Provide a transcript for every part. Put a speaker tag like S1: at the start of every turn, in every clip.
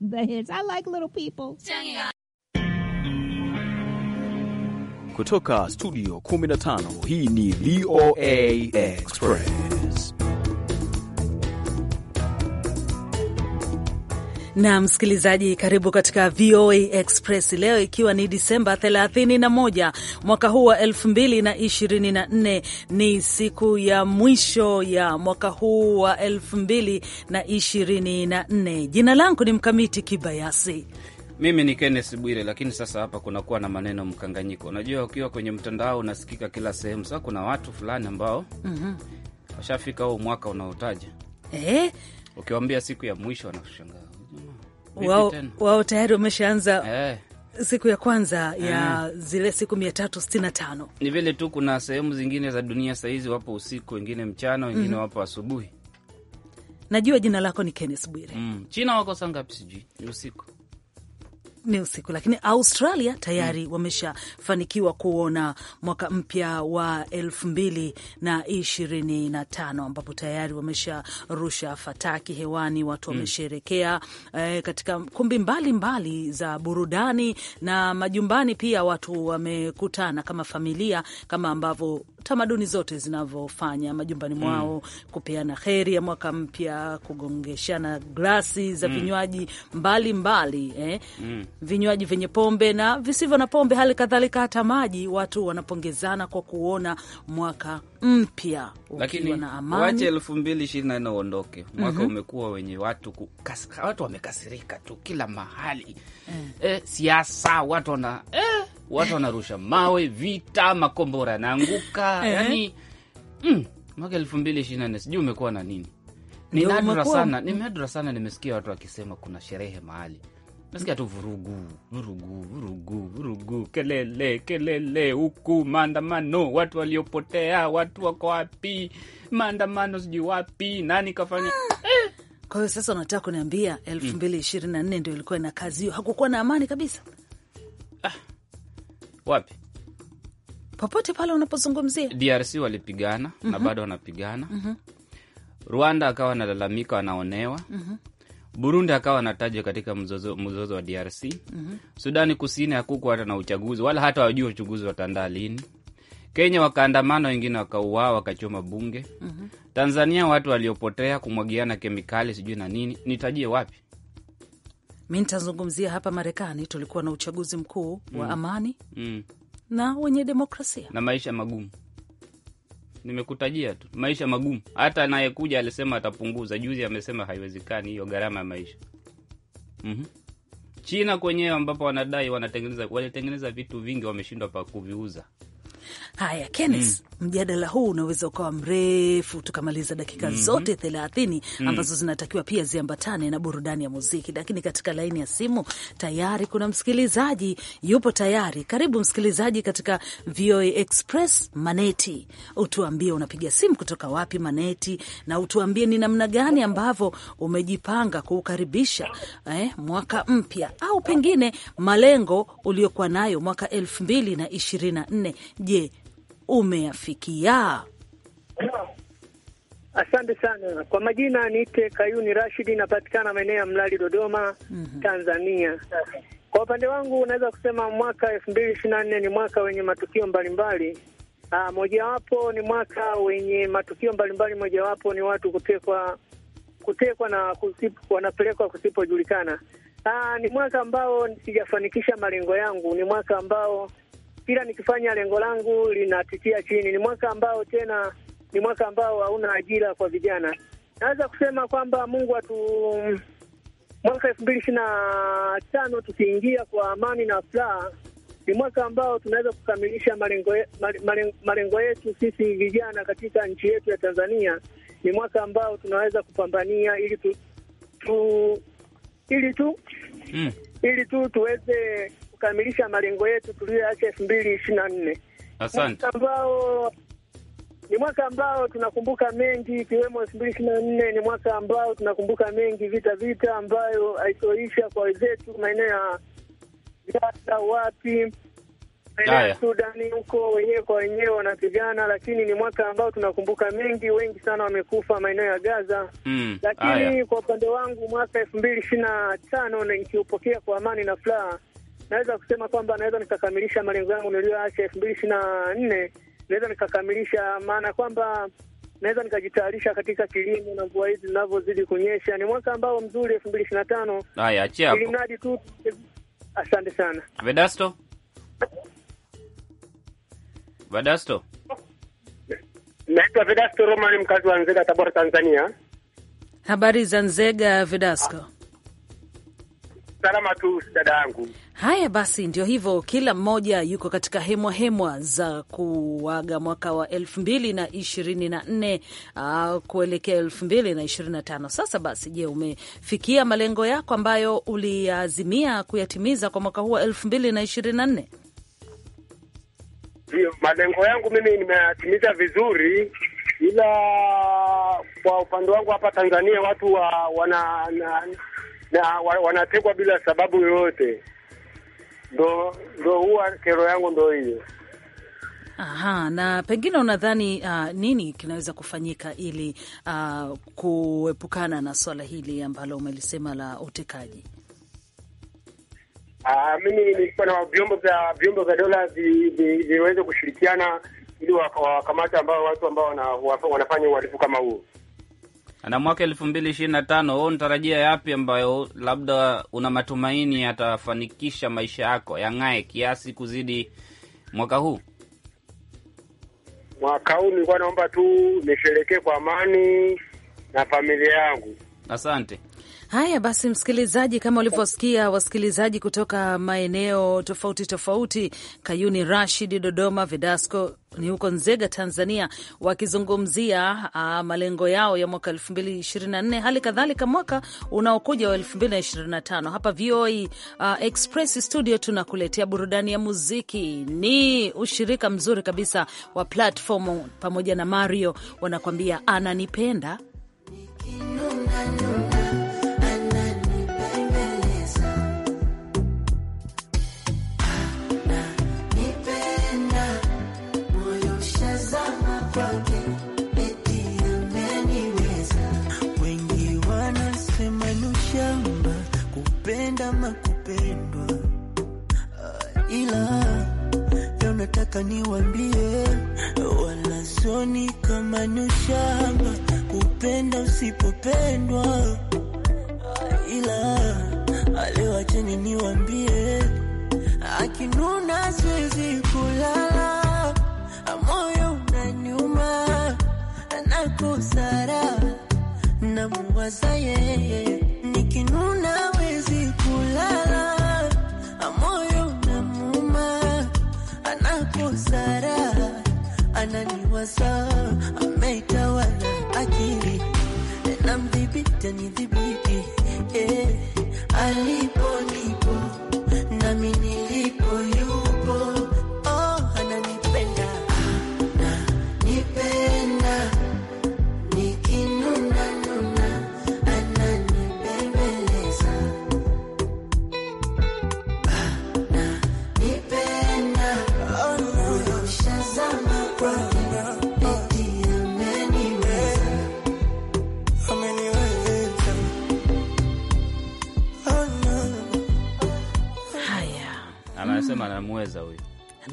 S1: the hits. I like little people.
S2: Kutoka studio 15 hii ni VOA Express.
S3: na msikilizaji, karibu katika VOA Express leo, ikiwa ni Disemba 31 mwaka huu wa 2024. Ni siku ya mwisho ya mwaka huu wa 2024. Jina langu ni Mkamiti Kibayasi.
S4: Mimi ni Kenneth Bwire. Lakini sasa hapa kunakuwa na maneno mkanganyiko. Unajua, ukiwa kwenye mtandao unasikika kila sehemu. Sasa kuna watu fulani ambao mm -hmm. washafika huu mwaka unaotaja eh? Ukiwambia siku ya mwisho wanashangaa wao,
S3: wao tayari wameshaanza eh. Siku ya kwanza ya eh, zile siku mia tatu sitini na tano.
S4: Ni vile tu kuna sehemu zingine za dunia sahizi wapo usiku, wengine mchana, wengine mm. wapo asubuhi.
S3: Najua jina lako ni Kenneth Bwire
S4: mm. China wako saa ngapi? Sijui usiku
S3: ni usiku, lakini Australia tayari mm, wameshafanikiwa kuona mwaka mpya wa elfu mbili na ishirini na tano ambapo tayari wamesharusha fataki hewani, watu mm. wamesherekea mm, eh, katika kumbi mbalimbali mbali za burudani na majumbani pia watu wamekutana kama familia kama ambavyo tamaduni zote zinavyofanya majumbani mm. mwao mm. kupeana heri ya mwaka mpya, kugongeshana glasi za mm. vinywaji mbalimbali eh? mm. vinywaji vyenye pombe na visivyo na pombe, hali kadhalika hata maji. Watu wanapongezana kwa kuona mwaka mpya ukiwa na amani. Wache elfu
S4: mbili ishirini na nne uondoke mwaka mm -hmm. umekuwa wenye watu kukas, watu wamekasirika tu kila mahali mm. eh, siasa watu wana eh watu wanarusha mawe, vita, makombora yanaanguka yani mm, mwaka elfu mbili ishirini na nne sijui umekuwa na nini.
S5: Ni nadra sana, ni
S4: nadra sana nimesikia watu wakisema kuna sherehe mahali nasikia tu vurugu vurugu vurugu vurugu, kelele kelele, huku maandamano, watu waliopotea, watu wako wapi? Maandamano sijui wapi, nani kafanya? Eh! Kwa hiyo sasa
S3: unataka kuniambia elfu mbili ishirini na nne ndio ilikuwa na kazi hiyo, hakukuwa na amani kabisa? wapi popote pale unapozungumzia
S4: DRC walipigana mm -hmm. na mhm. bado wanapigana mm -hmm. Rwanda akawa analalamika wanaonewa mm -hmm. Burundi akawa anatajwa katika mzozo, mzozo wa DRC mm -hmm. Sudani Kusini hakukuwa hata na uchaguzi wala hata wajua uchaguzi wataandaa lini. Kenya wakaandamana, wengine wakauawa, wakachoma bunge mm -hmm. Tanzania watu waliopotea kumwagiana kemikali sijui na nini, nitajie wapi?
S3: mi nitazungumzia hapa Marekani, tulikuwa na uchaguzi mkuu wa mm. amani mm. na wenye demokrasia
S4: na maisha magumu. Nimekutajia tu maisha magumu. Hata anayekuja alisema atapunguza, juzi amesema haiwezekani hiyo gharama ya maisha mm -hmm. China kwenyewe ambapo wanadai wanatengeneza, walitengeneza vitu vingi, wameshindwa pa kuviuza
S3: Haya, Kenneth, mm. Mjadala huu unaweza ukawa mrefu tukamaliza dakika mm -hmm. zote thelathini mm. ambazo mm. zinatakiwa pia ziambatane na burudani ya muziki, lakini katika laini ya simu tayari kuna msikilizaji yupo tayari. Karibu msikilizaji katika VOA Express. Maneti, utuambie unapiga simu kutoka wapi Maneti, na utuambie ni namna gani ambavyo umejipanga kuukaribisha eh, mwaka mpya au pengine malengo uliokuwa nayo mwaka elfu mbili na ishirini na nne je, umeyafikia?
S5: Asante sana kwa majina, niite Kayuni Rashidi, napatikana maeneo ya Mlali, Dodoma, mm -hmm. Tanzania. Kwa upande wangu unaweza kusema mwaka elfu mbili ishirini na nne ni mwaka wenye matukio mbalimbali. Ah, mojawapo ni mwaka wenye matukio mbalimbali, mojawapo ni watu kutekwa, kutekwa na wanapelekwa kusipojulikana. Ah, ni mwaka ambao sijafanikisha malengo yangu, ni mwaka ambao kila nikifanya lengo langu linatikia chini. Ni mwaka ambao tena ni mwaka ambao hauna ajira kwa vijana. Naweza kusema kwamba Mungu atu mwaka elfu mbili ishirini na tano tukiingia kwa amani na furaha, ni mwaka ambao tunaweza kukamilisha malengo malengo, malengo yetu sisi vijana katika nchi yetu ya Tanzania. Ni mwaka ambao tunaweza kupambania ili tu, tu ili tu mm. ili tu tuweze kukamilisha malengo yetu tuliyoacha elfu mbili ishirini na nne. Asante. Ambao ni mwaka ambao tunakumbuka mengi ikiwemo elfu mbili ishirini na nne ni mwaka ambao tunakumbuka mengi, vita vita ambayo haitoisha kwa wenzetu maeneo ya Gaza, wapi maeneo ya Sudani, huko wenyewe kwa wenyewe wanapigana, lakini ni mwaka ambao tunakumbuka mengi, wengi sana wamekufa maeneo ya Gaza. Mm, lakini aya. Kwa upande wangu mwaka elfu mbili ishirini na tano nikiupokea kwa amani na furaha naweza kusema kwamba naweza nikakamilisha malengo yangu niliyoacha elfu mbili ishirini na nne naweza nikakamilisha, maana kwamba naweza nikajitayarisha katika kilimo na mvua hizi zinavyozidi kunyesha. Ni mwaka ambao mzuri elfu mbili ishirini na tano. Haya, achia hapo, tu. Asante sana
S4: Vedasto. Vedasto,
S6: naitwa Vedasto Romani, mkazi wa Nzega, Tabora, Tanzania.
S3: Habari za Nzega, Vedasto?
S6: Salama tu dada yangu.
S3: Haya basi, ndio hivyo, kila mmoja yuko katika hemwa hemwa za kuaga mwaka wa elfu mbili na ishirini na nne uh, kuelekea elfu mbili na ishirini na tano. Sasa basi, je, umefikia malengo yako ambayo uliazimia kuyatimiza kwa mwaka huu wa elfu mbili na ishirini na nne?
S6: Ndio, malengo yangu mimi nimeyatimiza vizuri, ila kwa upande wangu hapa Tanzania watu wa, wana na, na wanatekwa bila sababu yoyote. Ndo ndo huwa kero yangu ndo hiyo.
S3: Aha, na pengine unadhani uh, nini kinaweza kufanyika ili uh, kuepukana na swala hili ambalo umelisema la utekaji?
S6: Uh, mimi nilikuwa na vyombo vya vyombo vya dola viweze kushirikiana ili wakamata ambao watu ambao wanafanya uhalifu kama huo
S4: na mwaka elfu mbili ishirini na tano unatarajia yapi ambayo labda una matumaini yatafanikisha maisha yako yang'ae kiasi kuzidi mwaka huu?
S6: Mwaka huu nilikuwa naomba tu nisherekee kwa
S4: amani na familia yangu. Asante.
S3: Haya basi, msikilizaji, kama ulivyosikia wasikilizaji kutoka maeneo tofauti tofauti, Kayuni Rashid Dodoma, Vedasco ni huko Nzega, Tanzania, wakizungumzia uh, malengo yao ya mwaka 2024 hali kadhalika mwaka unaokuja wa 2025. Hapa VOA ah, Express studio tunakuletea burudani ya muziki. Ni ushirika mzuri kabisa wa platform pamoja na Mario, wanakuambia ananipenda
S1: kupenda ama kupendwa, ah, ila leo nataka niwambie, wala soni kama nushamba kupenda usipopendwa, ah, ila ah, leo acheni niwambie, akinuna siwezi kulala, moyo unaniuma, nakosara namuwaza yeye nikinuna hawezi amoyo na muma anakosara, ananiwasa ametawala akili na mdhibiti anidhibiti, eh, alipo nipo nami nilipo yu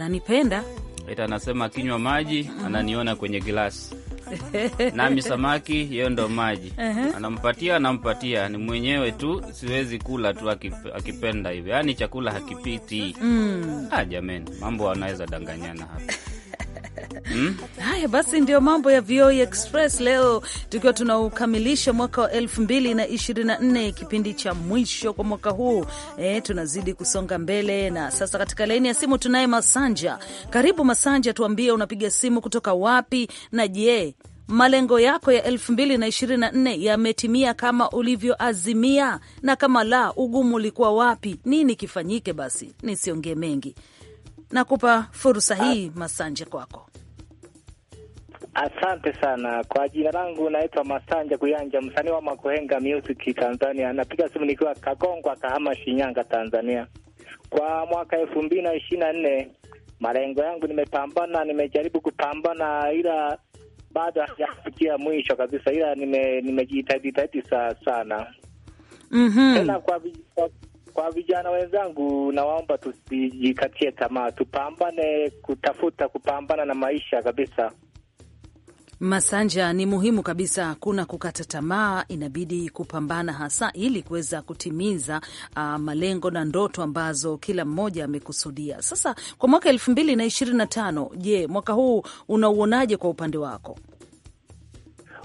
S3: ananipenda
S4: Eta anasema akinywa maji ananiona kwenye glasi nami samaki hiyo ndo maji uh -huh. Anampatia, anampatia ni mwenyewe tu, siwezi kula tu akipenda hivyo, yaani chakula hakipiti mm. Ah, jameni, mambo anaweza danganyana hapa Mm.
S3: Haya basi, ndio mambo ya VOA e Express leo, tukiwa tunaukamilisha mwaka wa nne, kipindi cha mwisho kwa mwaka huu. E, tunazidi kusonga mbele, na sasa katika laini ya simu tunaye Masanja. Karibu Masanja, tuambie unapiga simu kutoka wapi, na je, malengo yako ya nne yametimia kama ulivyoazimia? Na kama la, ugumu ulikuwa wapi? Nini kifanyike? Basi nisiongee mengi, nakupa fursa hii Masanja, kwako.
S7: Asante sana kwa jina langu naitwa Masanja Kuyanja, msanii wa Makuhenga Music Tanzania. Napiga simu nikiwa Kagongwa, Kahama, Shinyanga, Tanzania. Kwa mwaka elfu mbili na ishirini na nne malengo yangu nimepambana, nimejaribu kupambana, ila bado hajafikia mwisho kabisa, ila nimejitahidi tahidi saa sana. mm -hmm. Tena kwa, kwa, kwa vijana wenzangu nawaomba tusijikatie tamaa, tupambane kutafuta kupambana na maisha kabisa.
S3: Masanja, ni muhimu kabisa, kuna kukata tamaa, inabidi kupambana hasa ili kuweza kutimiza uh, malengo na ndoto ambazo kila mmoja amekusudia. Sasa kwa mwaka elfu mbili na ishirini na tano, je, mwaka huu unauonaje kwa upande wako?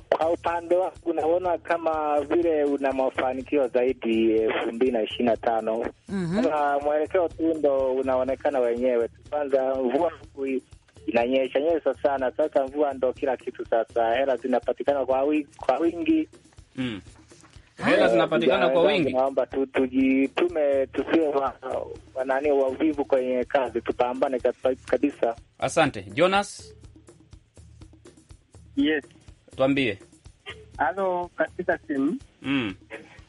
S7: Kwa upande wangu unaona kama vile una mafanikio zaidi elfu mbili na ishirini na tano. mm -hmm. Mwelekeo tu ndo unaonekana wenyewe kwanza mvua inanyesha nyesha sana. Sasa mvua ndo kila kitu, sasa hela zinapatikana kwa wingi, kwa wingi mm.
S4: Eh, hela zinapatikana kwa wingi.
S7: Naomba tu tujitume, tusiwe wanani wa uvivu kwenye kazi, tupambane kabisa.
S4: Asante Jonas. Yes, tuambie.
S8: Halo, katika simu mm.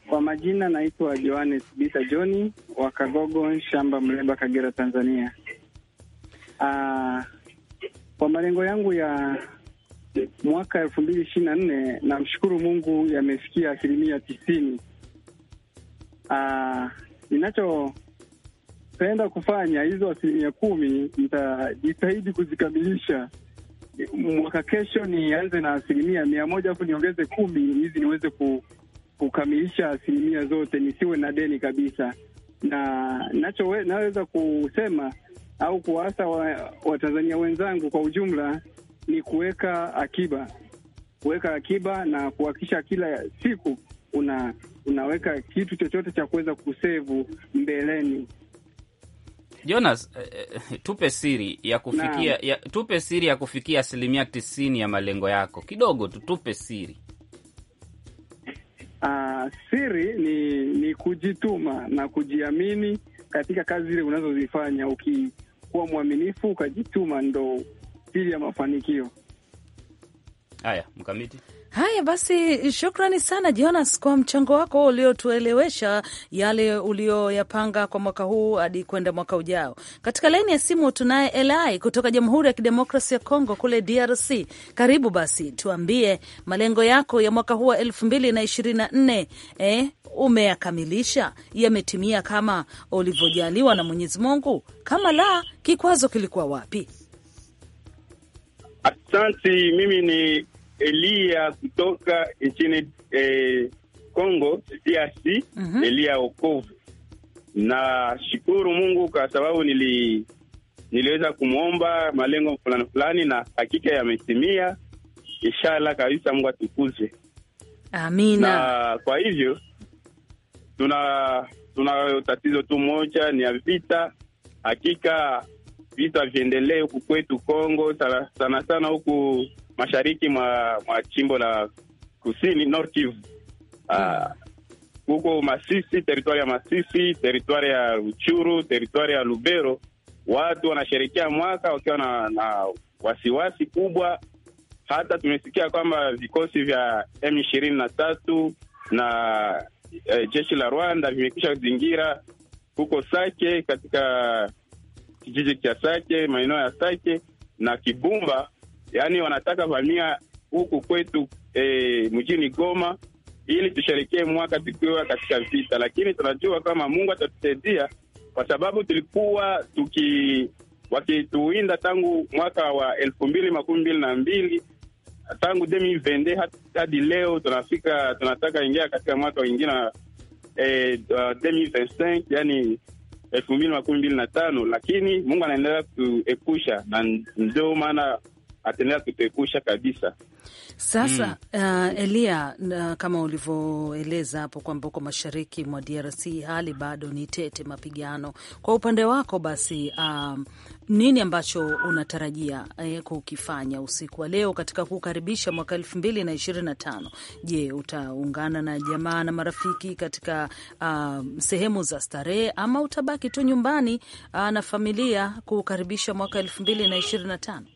S8: Kwa majina naitwa Johannes Bita Joni wa Kagogo, Shamba Mleba, Kagera, Tanzania. Aa, ah, kwa malengo yangu ya mwaka elfu mbili ishirini na nne namshukuru Mungu yamefikia asilimia tisini. Ah, ninachopenda kufanya hizo asilimia kumi nitajitahidi kuzikamilisha. Mwaka kesho nianze na asilimia mia moja alafu niongeze kumi hizi niweze ku, kukamilisha asilimia zote, nisiwe na deni kabisa. Na nacho naweza kusema au kuwaasa Watanzania wa wenzangu kwa ujumla ni kuweka akiba, kuweka akiba na kuhakikisha kila siku una unaweka kitu chochote cha kuweza kusevu mbeleni.
S4: Jonas, eh, tupe siri ya kufikia ya, tupe siri ya kufikia asilimia tisini ya malengo yako kidogo tu, tupe siri.
S8: Uh, siri ni, ni kujituma na kujiamini katika kazi zile unazozifanya, ukikuwa mwaminifu ukajituma, ndo pili ya mafanikio haya mkamiti
S4: Haya
S3: basi, shukrani sana Jonas kwa mchango wako uliotuelewesha yale ulioyapanga kwa mwaka huu hadi kwenda mwaka ujao. Katika laini ya simu tunaye Eli kutoka Jamhuri ya Kidemokrasi ya Kongo kule DRC. Karibu basi, tuambie malengo yako ya mwaka huu wa elfu mbili na ishirini na nne eh, umeyakamilisha? Yametimia kama ulivyojaliwa na Mwenyezi Mungu? Kama la, kikwazo kilikuwa wapi?
S2: Asanti. Mimi ni Elia kutoka nchini eh, Congo DRC mm -hmm. Elia Okovu. Na shukuru Mungu kwa sababu nili, niliweza kumwomba malengo fulani fulani na hakika yametimia. Inshallah kabisa, Mungu atukuze Amina. Na kwa hivyo tuna tunayo tatizo tu moja ni ya vita. Hakika vitu haviendelee huku kwetu Kongo, sana sana huku mashariki mwa, mwa chimbo la kusini North Kivu ah, huko Masisi, teritwari ya Masisi, teritwari ya Ruchuru, teritwari ya Lubero, watu wanasherekea mwaka wakiwa na, na wasiwasi kubwa. Hata tumesikia kwamba vikosi vya M ishirini na tatu na eh, jeshi la Rwanda vimekisha zingira huko Sake katika kijiji cha Sake, maeneo ya Sake na Kibumba, yaani wanataka vamia huku kwetu e, mjini Goma ili tusherekee mwaka tukiwa katika vita, lakini tunajua kama Mungu atatusaidia kwa sababu tulikuwa tuki wakituinda tangu mwaka wa elfu mbili makumi mbili na mbili tangu vende hadi leo tunafika, tunataka ingia katika mwaka wengine wa eh, demivestinq, yani elfu mbili makumi mbili na tano, lakini Mungu anaendelea kuepusha, na ndio maana ataendelea kutuepusha kabisa.
S3: Sasa mm. uh, Elia uh, kama ulivyoeleza hapo kwamba uko mashariki mwa DRC hali bado ni tete, mapigano. Kwa upande wako basi, uh, nini ambacho unatarajia uh, kukifanya usiku wa leo katika kukaribisha mwaka elfu mbili na ishirini na tano? Je, utaungana na jamaa na marafiki katika uh, sehemu za starehe ama utabaki tu nyumbani uh, na familia kukaribisha mwaka elfu mbili na ishirini na tano?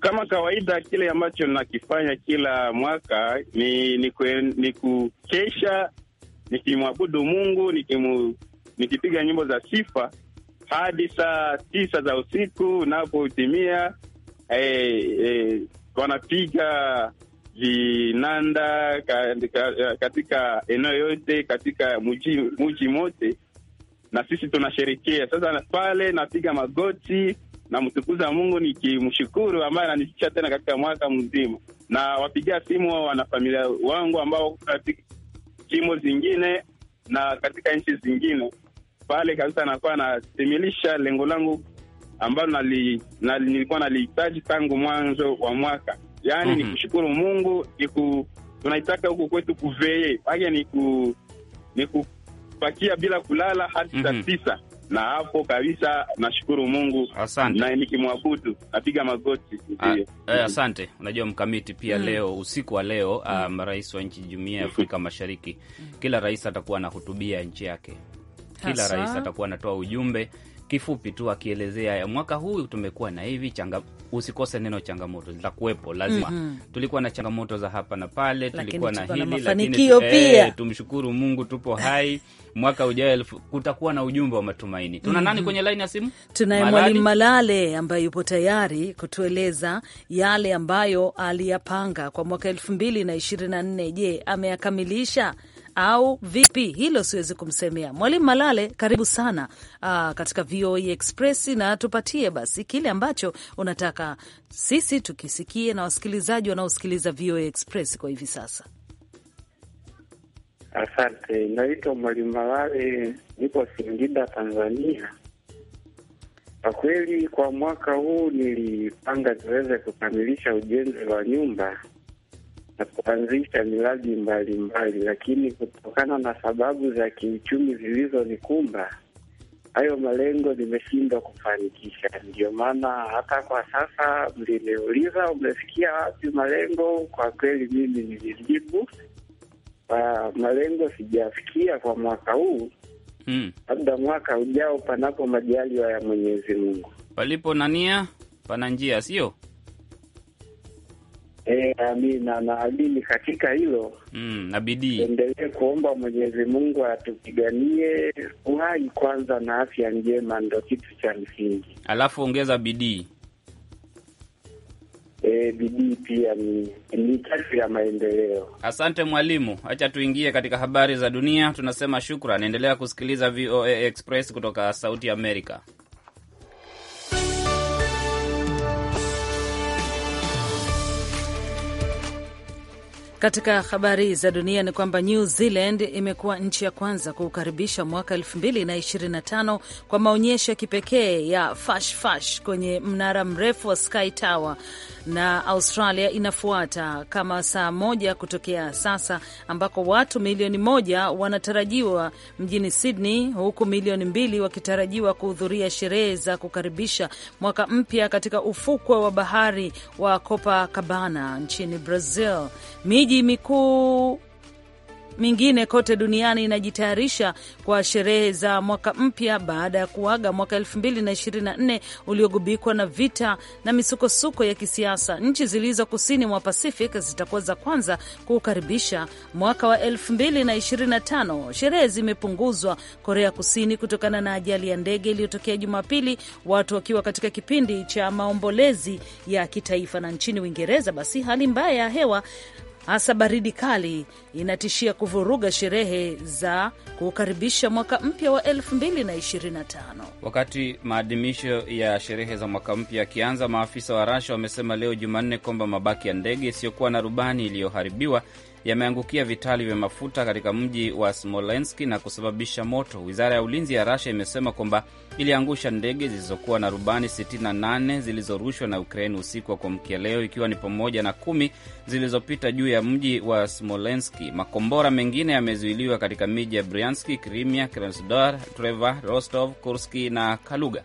S2: Kama kawaida, kile ambacho nakifanya kila mwaka ni ni, ni kukesha nikimwabudu Mungu nikimu, nikipiga nyimbo za sifa hadi saa tisa za usiku napotimia. Eh, eh, wanapiga vinanda katika, katika eneo yote katika muji mote, na sisi tunasherekea sasa. Pale napiga magoti namtukuza Mungu nikimshukuru ambaye ananifikisha tena katika mwaka mzima, na wapigia simu wanafamilia wangu ambao katika jimbo zingine na katika nchi zingine pale kabisa, nakuwa natimilisha lengo langu ambalo nali, nali, nilikuwa nalihitaji tangu mwanzo wa mwaka yaani, mm -hmm. Nikushukuru Mungu niku, tunaitaka huku kwetu kuveye ake niku, nikupakia bila kulala hadi saa mm -hmm. tisa na hapo kabisa nashukuru Mungu. Asante. na nikimwabudu napiga magoti ndio.
S4: Ah, eh, asante. Unajua mkamiti pia mm. Leo usiku wa leo um, ah, mm. rais wa nchi jumuiya ya Afrika mm. Mashariki, kila rais atakuwa anahutubia nchi yake,
S5: kila Hasa. rais atakuwa
S4: anatoa ujumbe kifupi tu akielezea ya mwaka huu tumekuwa na hivi changa, usikose neno changamoto zitakuwepo lazima. mm -hmm. Tulikuwa na changamoto za hapa na pale, tulikuwa na hili mafanikio lakini, pia eh, tumshukuru Mungu tupo hai mwaka ujao kutakuwa na ujumbe wa matumaini. Tuna mm-hmm. nani mm -hmm. kwenye laini ya simu? Tunaye Mwalimu
S3: Malale ambaye yupo tayari kutueleza yale ambayo aliyapanga kwa mwaka elfu mbili na ishirini na nne. Je, ameyakamilisha? au vipi? Hilo siwezi kumsemea. Mwalimu Malale, karibu sana aa, ah, katika VOA e Express, na tupatie basi kile ambacho unataka sisi tukisikie na wasikilizaji wanaosikiliza VOA e Express kwa hivi sasa.
S9: Asante, naitwa Mwalimu Malale, niko Singida, Tanzania. Kwa kweli, kwa mwaka huu nilipanga niweze kukamilisha ujenzi wa nyumba na kuanzisha miradi mbalimbali, lakini kutokana na sababu za kiuchumi zilizonikumba hayo malengo nimeshindwa kufanikisha. Ndio maana hata kwa sasa mliniuliza umefikia wapi malengo, kwa kweli mimi nilijibu kwa malengo sijafikia kwa mwaka huu hmm. labda hmm, mwaka ujao, panapo majaliwa ya Mwenyezi Mungu.
S4: Palipo na nia pana njia, sio
S9: eh, amina, naamini katika hilo
S4: mm, na bidii
S9: endelee kuomba Mwenyezi Mungu atupiganie uhai kwanza na afya njema, ndo kitu cha msingi,
S4: alafu ongeza bidii. eh, bidii pia ni, ni chachu ya maendeleo. Asante mwalimu, acha tuingie katika habari za dunia. Tunasema shukran, endelea kusikiliza VOA Express kutoka Sauti Amerika.
S3: Katika habari za dunia ni kwamba New Zealand imekuwa nchi ya kwanza kuukaribisha mwaka 2025 kwa maonyesho ya kipekee ya fash fash kwenye mnara mrefu wa Sky Tower, na Australia inafuata kama saa moja kutokea sasa, ambako watu milioni moja wanatarajiwa mjini Sydney, huku milioni mbili wakitarajiwa kuhudhuria sherehe za kukaribisha mwaka mpya katika ufukwe wa bahari wa Copacabana nchini Brazil. Miji Miji mikuu mingine kote duniani inajitayarisha kwa sherehe za mwaka mpya baada ya kuaga mwaka 2024 uliogubikwa na vita na misukosuko ya kisiasa. Nchi zilizo kusini mwa Pacific zitakuwa za kwanza kuukaribisha mwaka wa 2025. Sherehe zimepunguzwa Korea Kusini kutokana na ajali ya ndege iliyotokea Jumapili, watu wakiwa katika kipindi cha maombolezi ya kitaifa. Na nchini Uingereza, basi hali mbaya ya hewa hasa baridi kali inatishia kuvuruga sherehe za kukaribisha mwaka mpya wa 2025.
S4: Wakati maadhimisho ya sherehe za mwaka mpya yakianza, maafisa wa Rasha wamesema leo Jumanne kwamba mabaki ya ndege isiyokuwa na rubani iliyoharibiwa yameangukia vitali vya mafuta katika mji wa Smolenski na kusababisha moto. Wizara ya ulinzi ya rasia imesema kwamba iliangusha ndege zilizokuwa na rubani 68 zilizorushwa na Ukraini usiku wa kuamkia leo, ikiwa ni pamoja na kumi zilizopita juu ya mji wa Smolenski. Makombora mengine yamezuiliwa katika miji ya Brianski, Krimia, Krasnodar, Treva, Rostov, Kurski na Kaluga.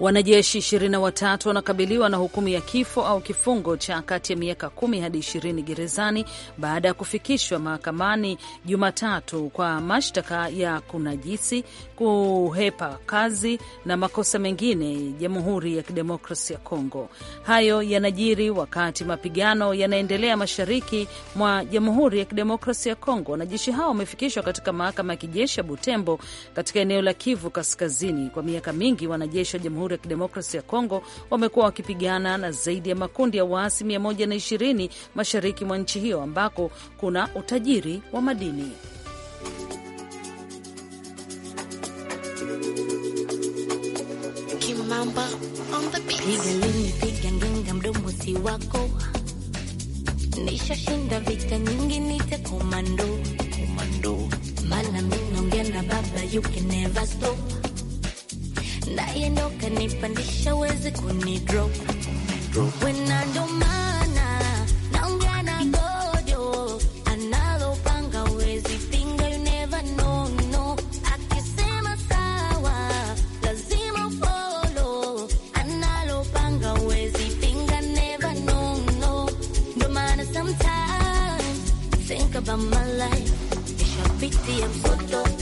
S3: Wanajeshi 23 wanakabiliwa na hukumu ya kifo au kifungo cha kati ya miaka 10 hadi 20 gerezani baada ya kufikishwa mahakamani Jumatatu kwa mashtaka ya kunajisi, kuhepa kazi na makosa mengine, Jamhuri ya Kidemokrasi ya Kongo. Hayo yanajiri wakati mapigano yanaendelea mashariki mwa Jamhuri ya Kidemokrasi ya Kongo. Wanajeshi hao wamefikishwa katika mahakama ya kijeshi ya Butembo katika eneo la Kivu Kaskazini. Kwa miaka mingi wanajeshi wa Jamhuri Jamhuri ya Kidemokrasi ya Kongo wamekuwa wakipigana na zaidi ya makundi ya waasi 120 mashariki mwa nchi hiyo ambako kuna utajiri wa madini.
S1: Kimamba on the beat. Piga lini, piga ngenga, mdomo si wako. Nishashinda vita nyingi, nite komando. Komando. mimi naongea na baba, you can never stop naendo kanipandisha wezi kunidrop wena ndo mana naongea na godo analopanga wezi pinga, you never know no, akisema sawa lazima follow, analopanga wezi pinga, never know no, ndo mana sometimes think about my life, nishapitia msoto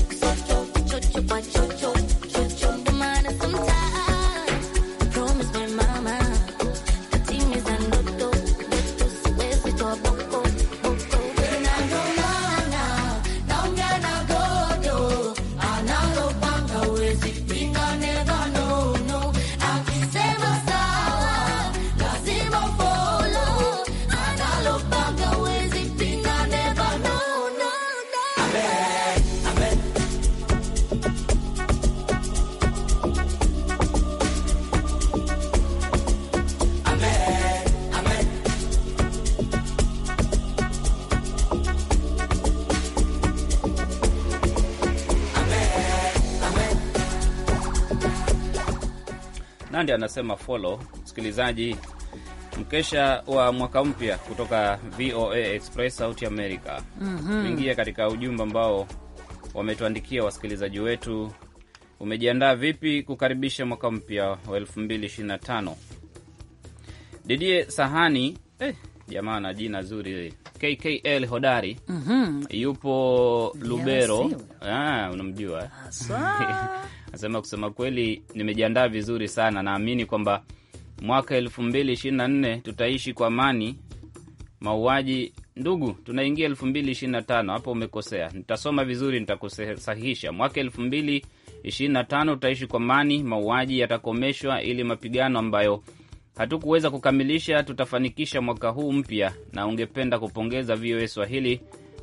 S4: Nandi anasema follow. Msikilizaji, mkesha wa mwaka mpya kutoka VOA Express Sauti America, mhm. tuingie mm -hmm. katika ujumbe ambao wametuandikia wasikilizaji wetu. Umejiandaa vipi kukaribisha mwaka mpya wa tano? Didie Sahani eh, jamaa na jina zuri KKL hodari mm -hmm. yupo Lubero, ah, unamjua asema kusema kweli, nimejiandaa vizuri sana. Naamini kwamba mwaka elfu mbili ishirini na nne tutaishi kwa amani. Mauaji ndugu, tunaingia elfu mbili ishirini na tano Hapo umekosea, nitasoma vizuri, nitakusahihisha. Mwaka elfu mbili ishirini na tano tutaishi kwa amani, mauaji yatakomeshwa ili mapigano ambayo hatukuweza kukamilisha, tutafanikisha mwaka huu mpya, na ungependa kupongeza VOA Swahili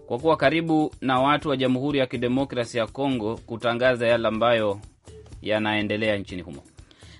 S4: kwa kuwa karibu na watu wa Jamhuri ya Kidemokrasi ya Kongo kutangaza yale ambayo yanaendelea nchini humo.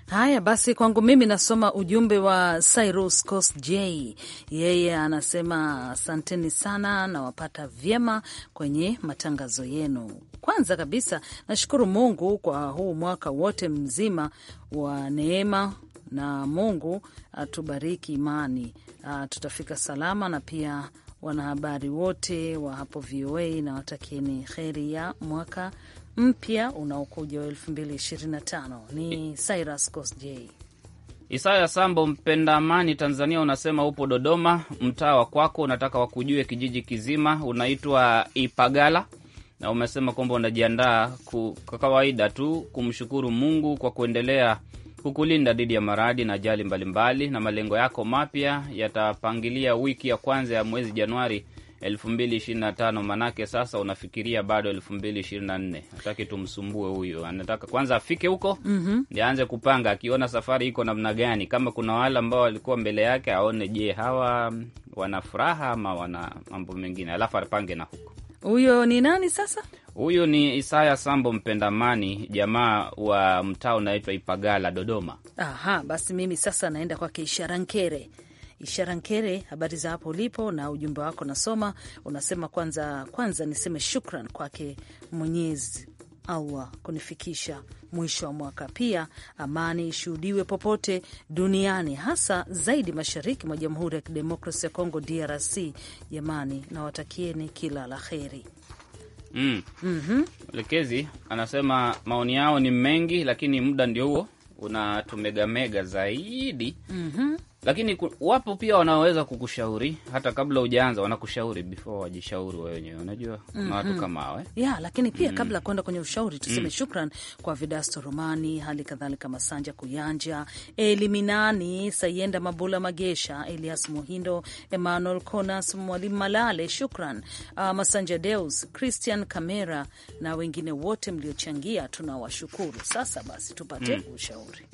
S3: Haya basi, kwangu mimi nasoma ujumbe wa Cyrus Cos J. Yeye anasema asanteni sana, nawapata vyema kwenye matangazo yenu. Kwanza kabisa nashukuru Mungu kwa huu mwaka wote mzima wa neema na Mungu atubariki uh, imani, uh, tutafika salama. Na pia wanahabari wote wa hapo VOA na watakieni heri ya mwaka mpya unaokuja wa tano. Ni Cyrus J
S4: Isaya Sambo, mpenda amani Tanzania, unasema upo Dodoma, mtaa wa kwako, unataka wakujue kijiji kizima, unaitwa Ipagala na umesema kwamba unajiandaa kwa kawaida tu kumshukuru Mungu kwa kuendelea kukulinda dhidi ya maradhi na ajali mbalimbali, na malengo yako mapya yatapangilia wiki ya kwanza ya mwezi Januari 2025 manake sasa unafikiria bado 2024. Hataki tumsumbue huyo, anataka kwanza afike huko mm -hmm. aanze kupanga, akiona safari iko namna gani. Kama kuna wale ambao walikuwa mbele yake aone, je, hawa wana furaha ama wana mambo mengine, alafu apange na huko
S3: huyo ni nani sasa?
S4: Huyu ni Isaya Sambo Mpendamani, jamaa wa mtaa unaitwa Ipagala, Dodoma.
S3: Aha, basi mimi sasa naenda kwake Ishara Nkere. Ishara Nkere, habari za hapo ulipo na ujumbe wako nasoma. Unasema kwanza kwanza niseme shukran kwake Mwenyezi Allah kunifikisha mwisho wa mwaka. Pia amani ishuhudiwe popote duniani, hasa zaidi mashariki mwa Jamhuri ya Kidemokrasi ya Kongo, DRC. Jamani, nawatakieni kila la heri.
S1: Mm.
S4: Mm -hmm. anasema maoni yao ni mengi, lakini muda ndio huo unatumegamega zaidi. mm -hmm lakini wapo pia wanaoweza kukushauri hata kabla ujaanza, wanakushauri before wajishauri wao wenyewe, unajua mm -hmm. na watu mm. kama hao eh?
S3: Yeah, lakini pia mm -hmm. kabla ya kwenda kwenye ushauri tuseme mm -hmm. shukran kwa Vidasto Romani, hali kadhalika Masanja Kuyanja, Eliminani Sayenda, Mabula Magesha, Elias Muhindo, Emmanuel Conas, Mwalimu Malale, shukran uh, Masanja Deus, Christian Kamera na wengine wote mliochangia, tunawashukuru. Sasa basi tupate mm -hmm. ushauri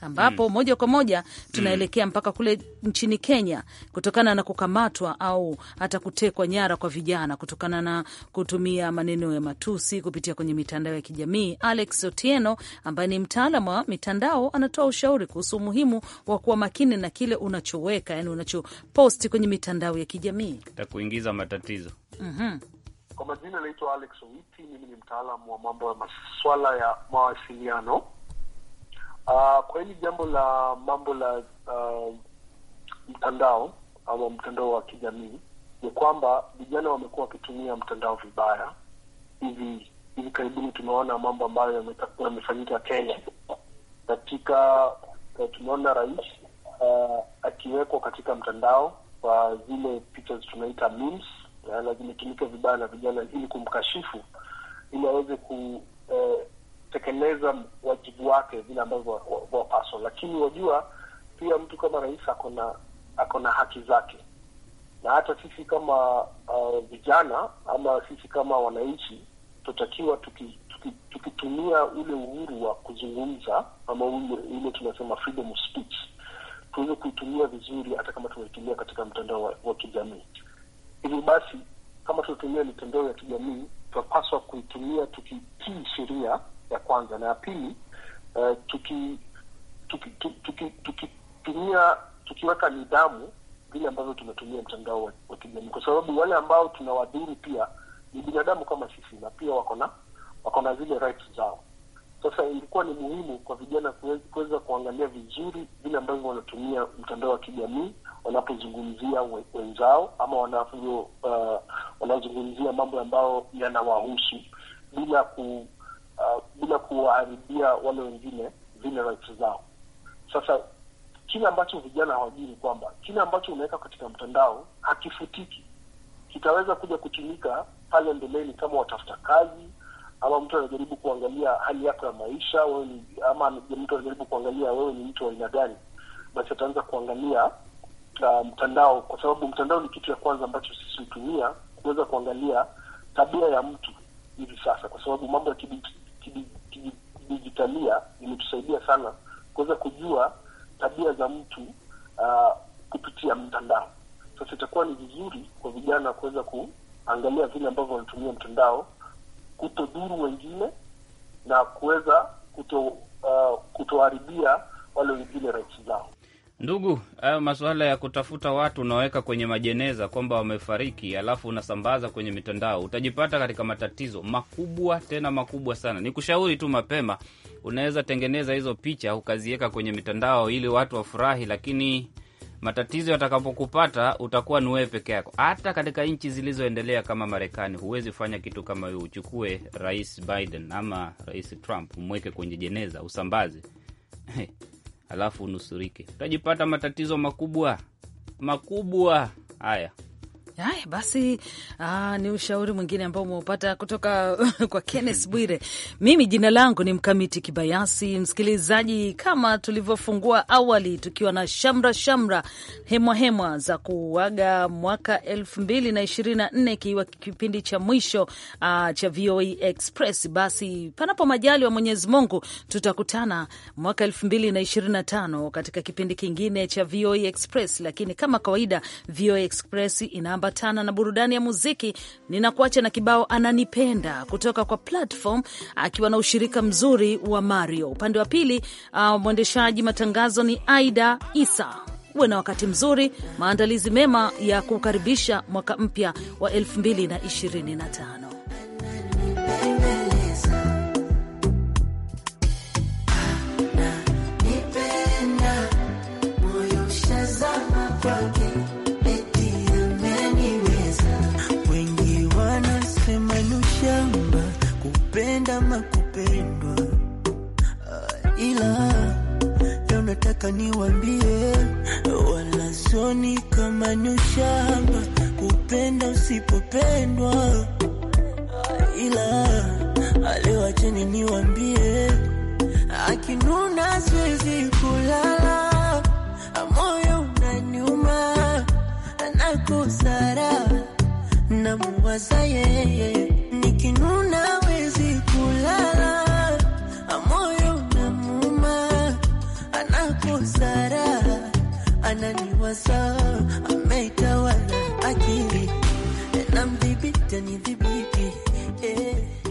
S3: ambapo mm. moja kwa moja tunaelekea mm. mpaka kule nchini Kenya kutokana na kukamatwa au hata kutekwa nyara kwa vijana kutokana na kutumia maneno ya matusi kupitia kwenye mitandao ya kijamii. Alex Otieno ambaye ni mtaalamu wa mitandao anatoa ushauri kuhusu umuhimu wa kuwa makini na kile unachoweka, yani unachoposti kwenye mitandao
S4: ya kijamii takuingiza matatizo.
S10: mm -hmm. Kwa majina naitwa Alex Owiti, mimi ni mtaalamu wa mambo ya maswala ya mawasiliano kwa hili jambo la mambo la uh, mtandao ama mtandao wa kijamii ni kwamba vijana wamekuwa wakitumia mtandao vibaya. Hivi hivi karibuni tumeona mambo ambayo yamefanyika Kenya katika eh, tumeona rais uh, akiwekwa katika mtandao wa zile picha tunaita memes, eh, zimetumika vibaya na vijana ili kumkashifu, ili aweze ku eh, kutekeleza wajibu wake vile ambavyo wapaswa, lakini wajua pia mtu kama rais akona akona haki zake, na hata sisi kama uh, vijana ama sisi kama wananchi tutakiwa tuki, tuki, tukitumia ule uhuru wa kuzungumza ama ule tunasema freedom of speech tuweze kuitumia vizuri, hata kama tunaitumia katika mtandao wa, wa kijamii. Hivyo basi kama tunatumia mitandao ya kijamii tunapaswa kuitumia tukitii sheria ya kwanza, na ya pili uh, eh, tuki tukitumia tuki, tuki, tuki tukiweka nidhamu vile ambavyo tunatumia mtandao wa, wa kijamii, kwa sababu wale ambao tunawadhuru pia ni binadamu kama sisi na pia wako na wako na zile rights zao. Sasa ilikuwa ni muhimu kwa vijana kuweza kuangalia vizuri vile ambavyo wanatumia mtandao wa kijamii wanapozungumzia wenzao ama wanavyo uh, wanazungumzia mambo ambayo yanawahusu bila uh, bila kuwaharibia wale wengine vile rights zao. Sasa kile ambacho vijana hawajui ni kwamba kile ambacho unaweka katika mtandao hakifutiki, kitaweza kuja kutumika pale mbeleni kama watafuta kazi ama mtu anajaribu kuangalia hali yako ya maisha ni, ama mtu anajaribu kuangalia wewe ni mtu wa aina gani, basi ataanza kuangalia uh, mtandao, kwa sababu mtandao ni kitu ya kwanza ambacho sisi hutumia kuweza kuangalia tabia ya mtu hivi sasa, kwa sababu mambo ya kidijitali kidijitalia imetusaidia sana kuweza kujua tabia za mtu uh, kupitia mtandao. Sasa itakuwa ni vizuri kwa vijana kuweza kuangalia vile ambavyo wanatumia mtandao, kutodhuru wengine na kuweza kuto uh, kutoharibia wale wengine rahisi zao.
S4: Ndugu, hayo masuala ya kutafuta watu unaweka kwenye majeneza kwamba wamefariki, alafu unasambaza kwenye mitandao, utajipata katika matatizo makubwa, tena makubwa sana. Ni kushauri tu mapema, unaweza tengeneza hizo picha ukaziweka kwenye mitandao ili watu wafurahi, lakini matatizo yatakapokupata utakuwa ni wewe peke yako. Hata katika nchi zilizoendelea kama Marekani, huwezi fanya kitu kama hiyo. Uchukue Rais Biden ama Rais Trump umweke kwenye jeneza usambaze alafu unusurike. Utajipata matatizo makubwa makubwa haya.
S3: Ay, basi aa, ah, ni ushauri mwingine ambao umeupata kutoka kwa Kenneth Bwire. Mimi jina langu ni Mkamiti Kibayasi. Msikilizaji, kama tulivyofungua awali tukiwa na shamra shamra hemwa hemwa za kuaga mwaka elfu mbili na ishirini na nne ikiwa kipindi cha mwisho aa, ah, cha VOA e Express. Basi panapo majali wa Mwenyezi Mungu tutakutana mwaka elfu mbili na ishirini na tano katika kipindi kingine cha VOA e Express, lakini kama kawaida VOA e Express inaamba kuambatana na burudani ya muziki. Ninakuacha na kibao ananipenda kutoka kwa Platform akiwa na ushirika mzuri wa Mario. Upande wa pili uh, mwendeshaji matangazo ni Aida Isa. Uwe na wakati mzuri, maandalizi mema ya kukaribisha mwaka mpya wa 2025.